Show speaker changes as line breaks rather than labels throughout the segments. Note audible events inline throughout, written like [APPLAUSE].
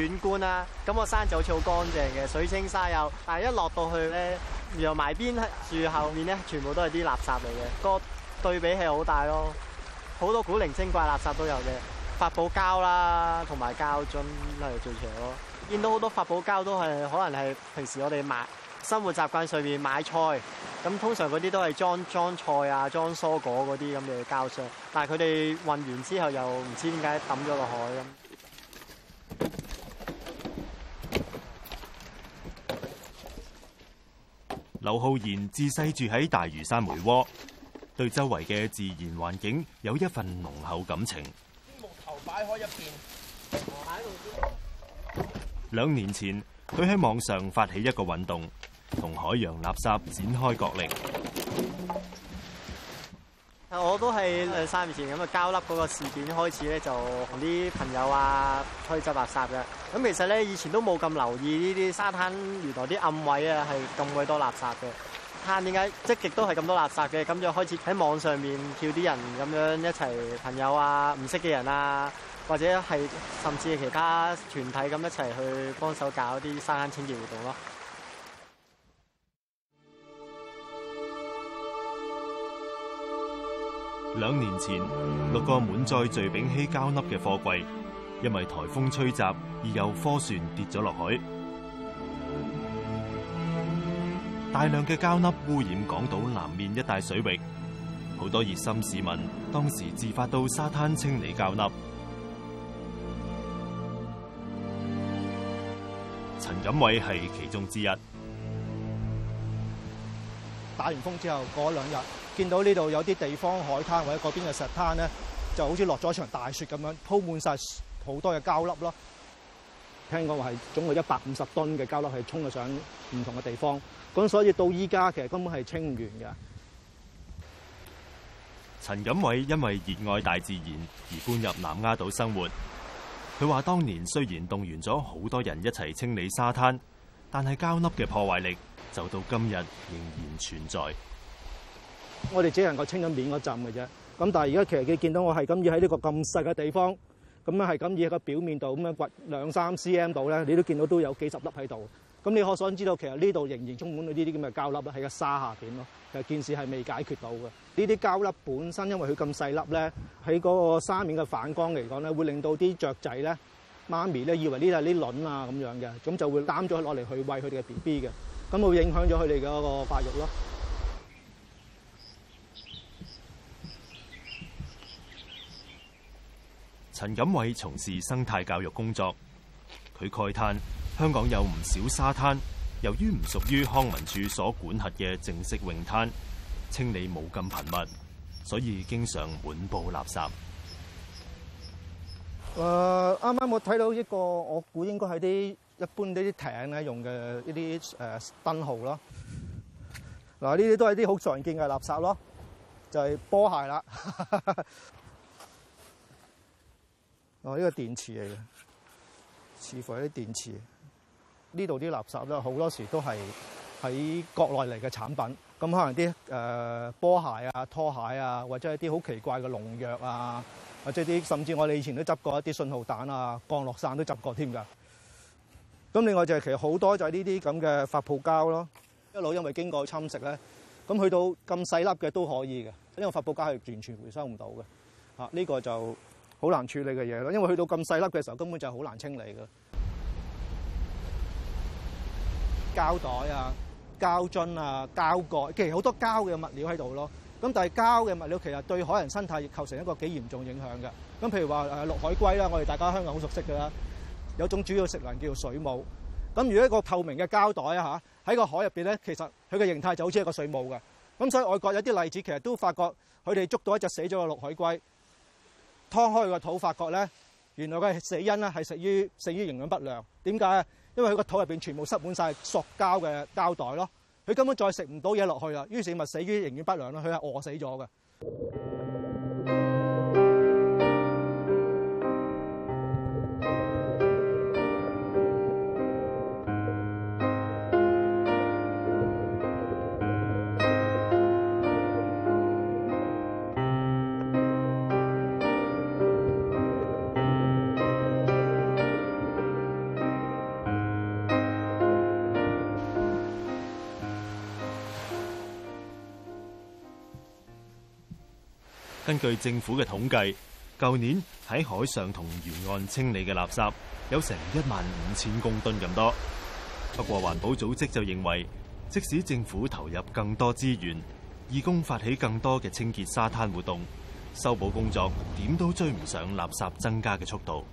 遠觀啦，咁個山就好乾淨嘅，水清沙幼。但係一落到去咧，然後埋邊樹後面咧，全部都係啲垃圾嚟嘅。個對比係好大咯，好多古靈精怪垃圾都有嘅，發泡膠啦，同埋膠樽係最長咯。見到好多發泡膠都係可能係平時我哋買生活習慣上面買菜，咁通常嗰啲都係裝裝菜啊、裝蔬果嗰啲咁嘅膠箱。但係佢哋運完之後又唔知點解抌咗落海咁。
劉浩然自細住喺大嶼山梅窩，對周圍嘅自然環境有一份濃厚感情。兩年前，佢喺網上發起一個運動，同海洋垃圾展開角力。
我都係三年前咁啊，交笠嗰個事件開始咧，就同啲朋友啊去執垃圾嘅。咁其實咧，以前都冇咁留意呢啲沙灘原來啲暗位啊，係咁鬼多垃圾嘅。灘，點解即係都係咁多垃圾嘅？咁就開始喺網上面叫啲人咁樣一齊，朋友啊，唔識嘅人啊，或者係甚至係其他團體咁一齊去幫手搞啲沙灘清潔活動咯。
兩年前，六個滿載聚丙烯膠粒嘅貨櫃，因為台風吹襲而有貨船跌咗落去。大量嘅膠粒污染港島南面一帶水域。好多熱心市民當時自發到沙灘清理膠粒，陳錦偉係其中之一。
打完風之後，過兩日。見到呢度有啲地方海灘或者嗰邊嘅石灘呢，就好似落咗場大雪咁樣，鋪滿晒好多嘅膠粒咯。聽講話係總共一百五十噸嘅膠粒係衝咗上唔同嘅地方，咁所以到依家其實根本係清唔完嘅。
陳錦偉因為熱愛大自然而搬入南丫島生活。佢話：當年雖然動員咗好多人一齊清理沙灘，但係膠粒嘅破壞力就到今日仍然存在。
我哋只係能夠清咗面嗰浸嘅啫。咁但係而家其實你見到我係咁易喺呢個咁細嘅地方，咁樣係咁易喺個表面度咁樣掘兩三 cm 度咧，你都見到都有幾十粒喺度。咁你可想知道，其實呢度仍然充滿咗呢啲咁嘅膠粒咧，喺個沙下邊咯。其實件事係未解決到嘅。呢啲膠粒本身因為佢咁細粒咧，喺嗰個沙面嘅反光嚟講咧，會令到啲雀仔咧、媽咪咧以為呢度係啲卵啊咁樣嘅，咁就會擔咗落嚟去餵佢哋嘅 B B 嘅，咁會影響咗佢哋嘅一個發育咯。
陳錦偉從事生態教育工作，佢慨歎：香港有唔少沙灘，由於唔屬於康文署所管轄嘅正式泳灘，清理冇咁頻密，所以經常滿佈垃圾。
誒、呃，啱啱我睇到一個，我估應該係啲一般呢啲艇咧用嘅呢啲誒燈號咯。嗱、呃，呢啲、呃、都係啲好常見嘅垃圾咯，就係、是、波鞋啦。 [LAUGHS] 哦，呢個電池嚟嘅，似乎係啲電池。呢度啲垃圾咧，好多時都係喺國內嚟嘅產品。咁可能啲誒、呃、波鞋啊、拖鞋啊，或者係啲好奇怪嘅農藥啊，或者啲甚至我哋以前都執過一啲信號彈啊、降落傘都執過添㗎。咁另外就係、是、其實好多就係呢啲咁嘅發泡膠咯，一路因為經過侵蝕咧，咁去到咁細粒嘅都可以嘅，因為發泡膠係完全回收唔到嘅。啊，呢、這個就。好難處理嘅嘢咯，因為去到咁細粒嘅時候，根本就係好難清理嘅膠袋啊、膠樽啊、膠蓋，其實好多膠嘅物料喺度咯。咁但係膠嘅物料其實對海洋生態亦構成一個幾嚴重影響嘅。咁譬如話誒綠海龜啦，我哋大家香港好熟悉噶啦，有種主要食糧叫做水母。咁如果一個透明嘅膠袋啊嚇，喺個海入邊咧，其實佢嘅形態就好似一個水母嘅。咁所以外國有啲例子其實都發覺佢哋捉到一隻死咗嘅綠海龜。劏開個肚，發覺咧，原來佢係死因咧係死於死於營養不良。點解咧？因為佢個肚入邊全部塞滿晒塑膠嘅膠袋咯，佢根本再食唔到嘢落去啦，於是咪死於營養不良咯。佢係餓死咗嘅。
根據政府嘅統計，舊年喺海上同沿岸清理嘅垃圾有成一萬五千公噸咁多。不過環保組織就認為，即使政府投入更多資源，義工發起更多嘅清潔沙灘活動，修補工作點都追唔上垃圾增加嘅速度。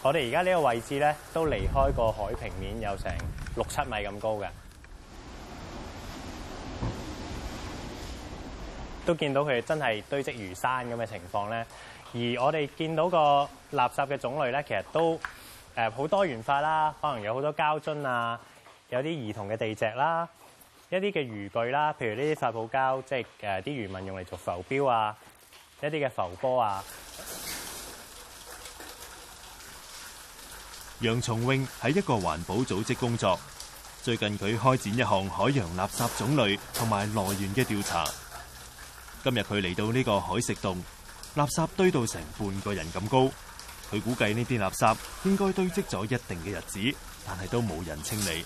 我哋而家呢個位置咧，都離開個海平面有成六七米咁高嘅，都見到佢真係堆積如山咁嘅情況咧。而我哋見到個垃圾嘅種類咧，其實都誒好、呃、多元化啦。可能有好多膠樽啊，有啲兒童嘅地蓆啦，一啲嘅漁具啦，譬如呢啲發泡膠，即係誒啲漁民用嚟做浮標啊，一啲嘅浮波啊。
楊松永喺一個環保組織工作，最近佢開展一項海洋垃圾種類同埋來源嘅調查。今日佢嚟到呢個海蝕洞，垃圾堆到成半個人咁高。佢估計呢啲垃圾應該堆積咗一定嘅日子，但係都冇
人清理。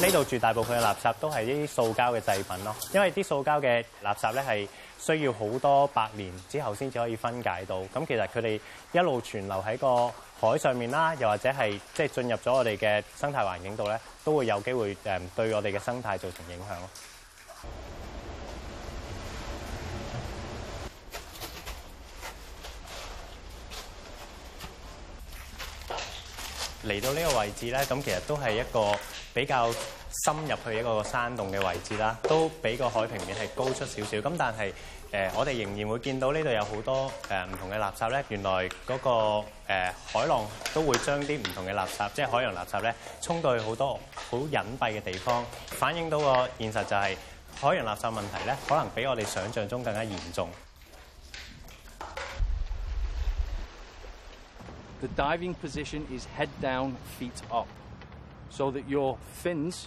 呢度絕大部分嘅垃圾都係呢啲塑膠嘅製品咯，因為啲塑膠嘅垃圾咧係需要好多百年之後先至可以分解到。咁其實佢哋一路存留喺個。海上面啦，又或者係即係進入咗我哋嘅生態環境度咧，都會有機會誒對我哋嘅生態造成影響咯。嚟到呢個位置咧，咁其實都係一個比較深入去一個山洞嘅位置啦，都比個海平面係高出少少，咁但係。誒，我哋仍然會見到呢度有好多誒唔同嘅垃圾咧。原來嗰個誒海浪都會將啲唔同嘅垃圾，即係海洋垃圾咧，沖到去好多好隱蔽嘅地方。反映到個現實就係海洋垃圾問題咧，可能比我哋想像中更加嚴重。
The diving position is head down, feet up, so that your fins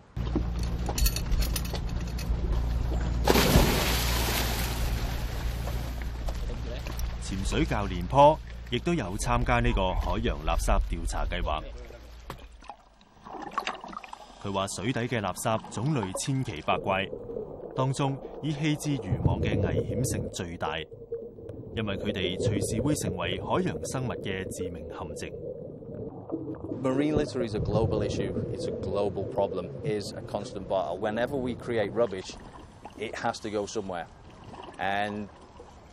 水教練波亦都有參加呢個海洋垃圾調查計劃。佢話水底嘅垃圾種類千奇百怪，當中以棄置漁網嘅危險性最大，因為佢哋隨時會成為海洋生物
嘅致命陷阱。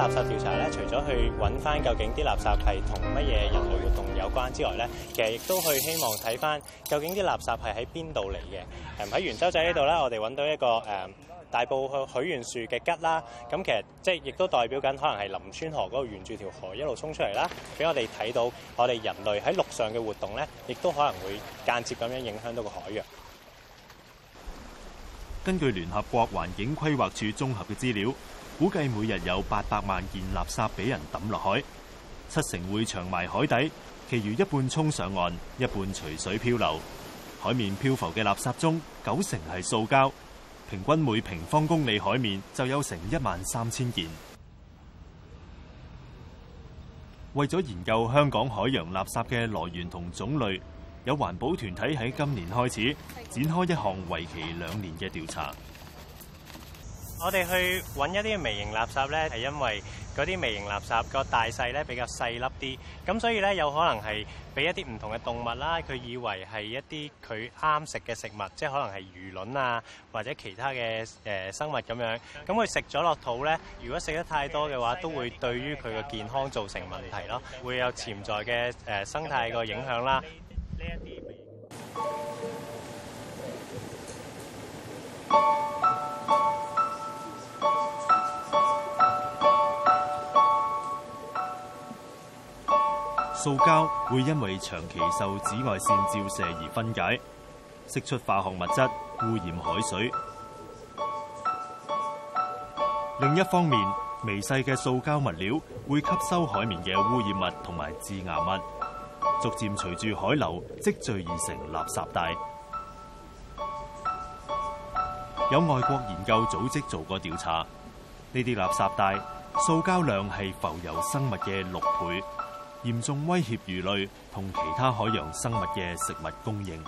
垃圾調查咧，除咗去揾翻究竟啲垃圾係同乜嘢人類活動有關之外咧，其實亦都去希望睇翻究竟啲垃圾係喺邊度嚟嘅。誒喺圓洲仔呢度咧，我哋揾到一個誒、呃、大埔去許願樹嘅吉啦。咁其實即係亦都代表緊，可能係林村河嗰度沿住條河一路衝出嚟啦，俾我哋睇到我哋人類喺陸上嘅活動咧，亦都可能會間接咁樣影響到個海洋。
根據聯合國環境規劃署綜合嘅資料。估計每日有八百萬件垃圾俾人抌落海，七成會長埋海底，其餘一半沖上岸，一半隨水漂流。海面漂浮嘅垃圾中，九成係塑膠，平均每平方公里海面就有成一萬三千件。為咗研究香港海洋垃圾嘅來源同種類，有環保團體喺今年開始展開一項為期兩年嘅調查。
我哋去揾一啲微型垃圾呢，係因為嗰啲微型垃圾個大細呢，比較細粒啲，咁所以呢，有可能係俾一啲唔同嘅動物啦，佢以為係一啲佢啱食嘅食物，即係可能係魚卵啊，或者其他嘅誒、呃、生物咁樣，咁佢食咗落肚呢，如果食得太多嘅話，都會對於佢嘅健康造成問題咯，會有潛在嘅誒生態個影響啦。呢一啲。 [NOISE]
塑膠會因為長期受紫外線照射而分解，釋出化學物質，污染海水。另一方面，微細嘅塑膠物料會吸收海面嘅污染物同埋致癌物，逐漸隨住海流積聚而成垃圾帶。有外國研究組織做過調查，呢啲垃圾帶塑膠量係浮游生物嘅六倍。嚴重威脅魚類同其他海洋生物嘅食物供應。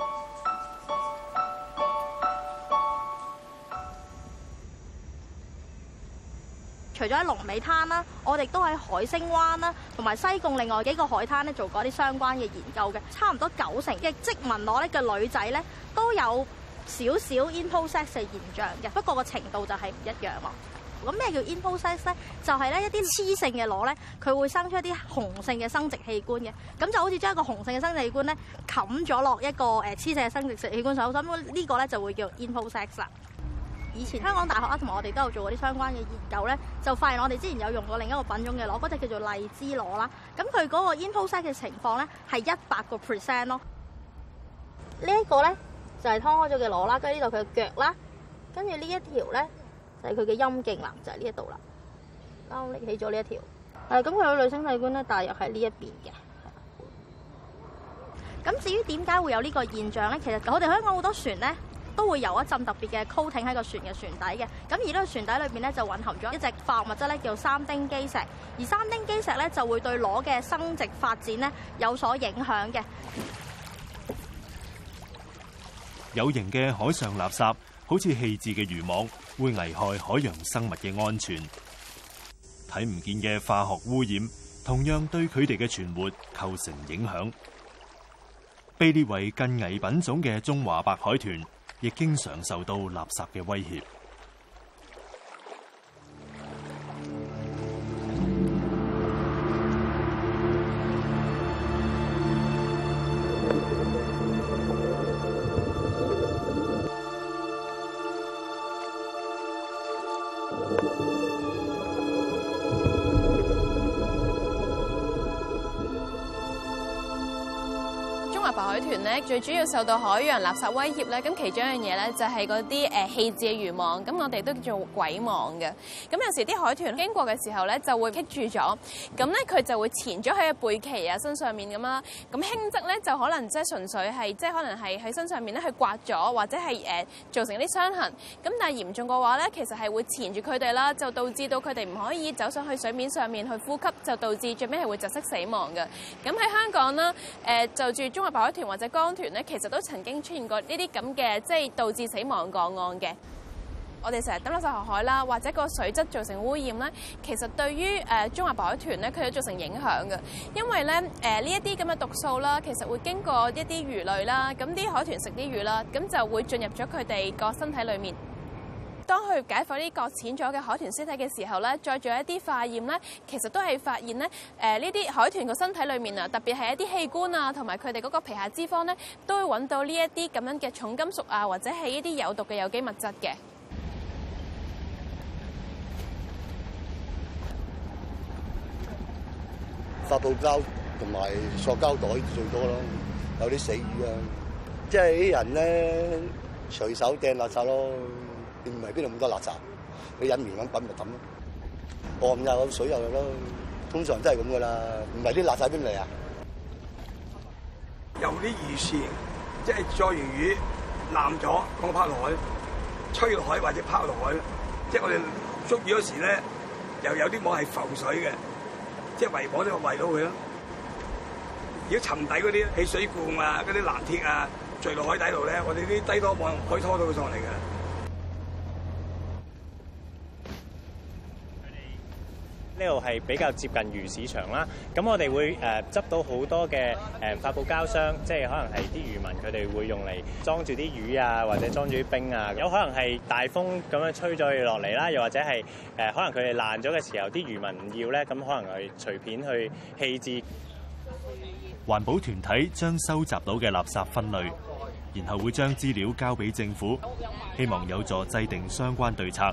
除咗喺龍尾灘啦，我哋都喺海星灣啦，同埋西貢另外幾個海灘咧做過一啲相關嘅研究嘅。差唔多九成嘅殖民攞咧嘅女仔咧都有少少 imposex 嘅現象嘅，不過個程度就係唔一樣咯。咁咩叫 imposex 咧？就係咧一啲雌性嘅螺咧，佢會生出一啲雄性嘅生殖器官嘅。咁就好似將一個雄性嘅生殖器官咧，冚咗落一個誒雌性嘅生殖器官上。咁呢個咧就會叫 imposex 啦。以前香港大學啊，同埋我哋都有做過啲相關嘅研究咧，就發現我哋之前有用過另一個品種嘅螺，嗰隻叫做荔枝螺啦。咁佢嗰個 imposex 嘅情況咧，係一百個 percent 咯。呢一個咧就係劏開咗嘅螺啦，跟住呢度佢嘅腳啦，跟住呢一條咧。就係佢嘅陰莖就喺呢一度啦，啱拎起咗呢一條。誒，咁佢嘅女性器官呢，大約喺呢一邊嘅。咁至於點解會有呢個現象呢？其實我哋香港好多船呢，都會有一浸特別嘅 coating 喺個船嘅船底嘅。咁而呢個船底裏邊呢，就混含咗一隻化學物質呢叫三丁基石。而三丁基石呢，就會對螺嘅生殖發展呢有所影響嘅。
有形嘅海上垃圾，好似棄置嘅漁網。會危害海洋生物嘅安全，睇唔見嘅化學污染，同樣對佢哋嘅存活構成影響。被列為近危品種嘅中華白海豚，亦經常受到垃圾嘅威脅。
海豚咧最主要受到海洋垃圾威脅咧，咁其中一樣嘢咧就係嗰啲誒棄置嘅漁網，咁、呃、我哋都叫做鬼網嘅。咁有時啲海豚經過嘅時候咧就會棘住咗，咁咧佢就會纏咗喺佢背鰭啊身上面咁啦。咁輕則咧就可能即係純粹係即係可能係喺身上面咧去刮咗，或者係誒、呃、造成啲傷痕。咁但係嚴重嘅話咧，其實係會纏住佢哋啦，就導致到佢哋唔可以走上去水面上面去呼吸，就導致最尾係會窒息死亡嘅。咁喺香港咧，誒、呃、就住中華白海豚，或者江豚咧，其實都曾經出現過呢啲咁嘅，即係導致死亡個案嘅。我哋成日抌垃圾河海啦，或者個水質造成污染咧，其實對於誒中華白海豚咧，佢都造成影響嘅。因為咧誒呢一啲咁嘅毒素啦，其實會經過一啲魚類啦，咁啲海豚食啲魚啦，咁就會進入咗佢哋個身體裡面。當去解剖呢擱淺咗嘅海豚屍體嘅時候咧，再做一啲化驗咧，其實都係發現咧，誒呢啲海豚個身體裏面啊，特別係一啲器官啊，同埋佢哋嗰個皮下脂肪咧，都會揾到呢一啲咁樣嘅重金屬啊，或者係一啲有毒嘅有機物質嘅。
發泡膠同埋塑膠袋最多咯，有啲死魚啊，即係啲人咧隨手掟垃圾咯。唔係邊度咁多垃圾？你飲完咁抌咪抌咯，岸、哦、又水又咯，通常都係咁噶啦。唔係啲垃圾邊嚟啊？
有啲魚線，即係捉完魚攬咗，放拋落海，吹落海或者拋落海。即係我哋捉魚嗰時咧，又有啲網係浮水嘅，即係圍網都圍到佢咯。如果沉底嗰啲汽水罐啊、嗰啲爛鐵啊，墜落海底度咧，我哋啲底拖網可以拖到佢上嚟嘅。
呢度係比較接近魚市場啦，咁我哋會誒執到好多嘅誒發泡膠箱，即係可能係啲漁民佢哋會用嚟裝住啲魚啊，或者裝住啲冰啊，有可能係大風咁樣吹咗落嚟啦，又或者係誒可能佢哋爛咗嘅時候，啲漁民唔要咧，咁可能係隨便去棄置。
環保團體將收集到嘅垃圾分類，然後會將資料交俾政府，希望有助制定相關對策。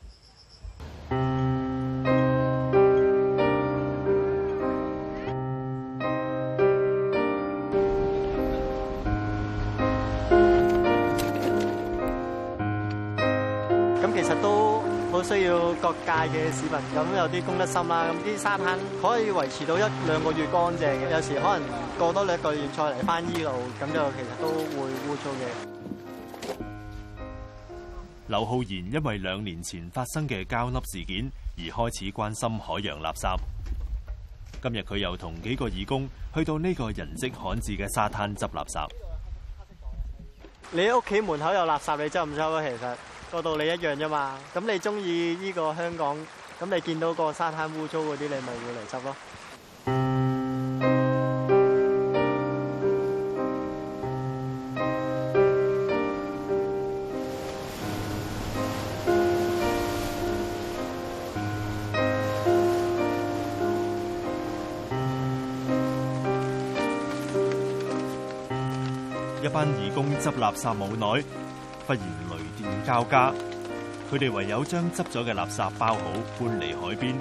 嘅市民咁有啲公德心啦，咁啲沙灘可以維持到一兩個月乾淨嘅，有時可能過多兩個月再嚟翻依度，咁就其實都會污糟嘅。
劉浩然因為兩年前發生嘅膠粒事件而開始關心海洋垃圾。今日佢又同幾個義工去到呢個人跡罕至嘅沙灘執垃圾。
你屋企門口有垃圾，你執唔執？其實個道理一樣啫嘛。咁你中意呢個香港，咁你見到個沙灘污糟嗰啲，你咪要嚟執咯。
班義工執垃圾冇耐，忽然雷電交加，佢哋唯有將執咗嘅垃圾包好，搬離海邊，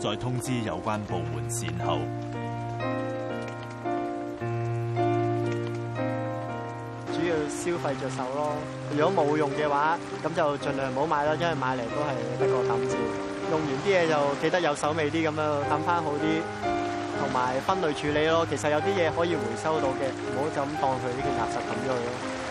再通知有關部門善後。
主要消費着手咯，如果冇用嘅話，咁就盡量唔好買啦，因為買嚟都係得個淡字。用完啲嘢就記得有手尾啲咁樣，抌返好啲。同埋分類處理咯，其實有啲嘢可以回收到嘅，唔好就咁當佢呢個垃圾咁樣咯。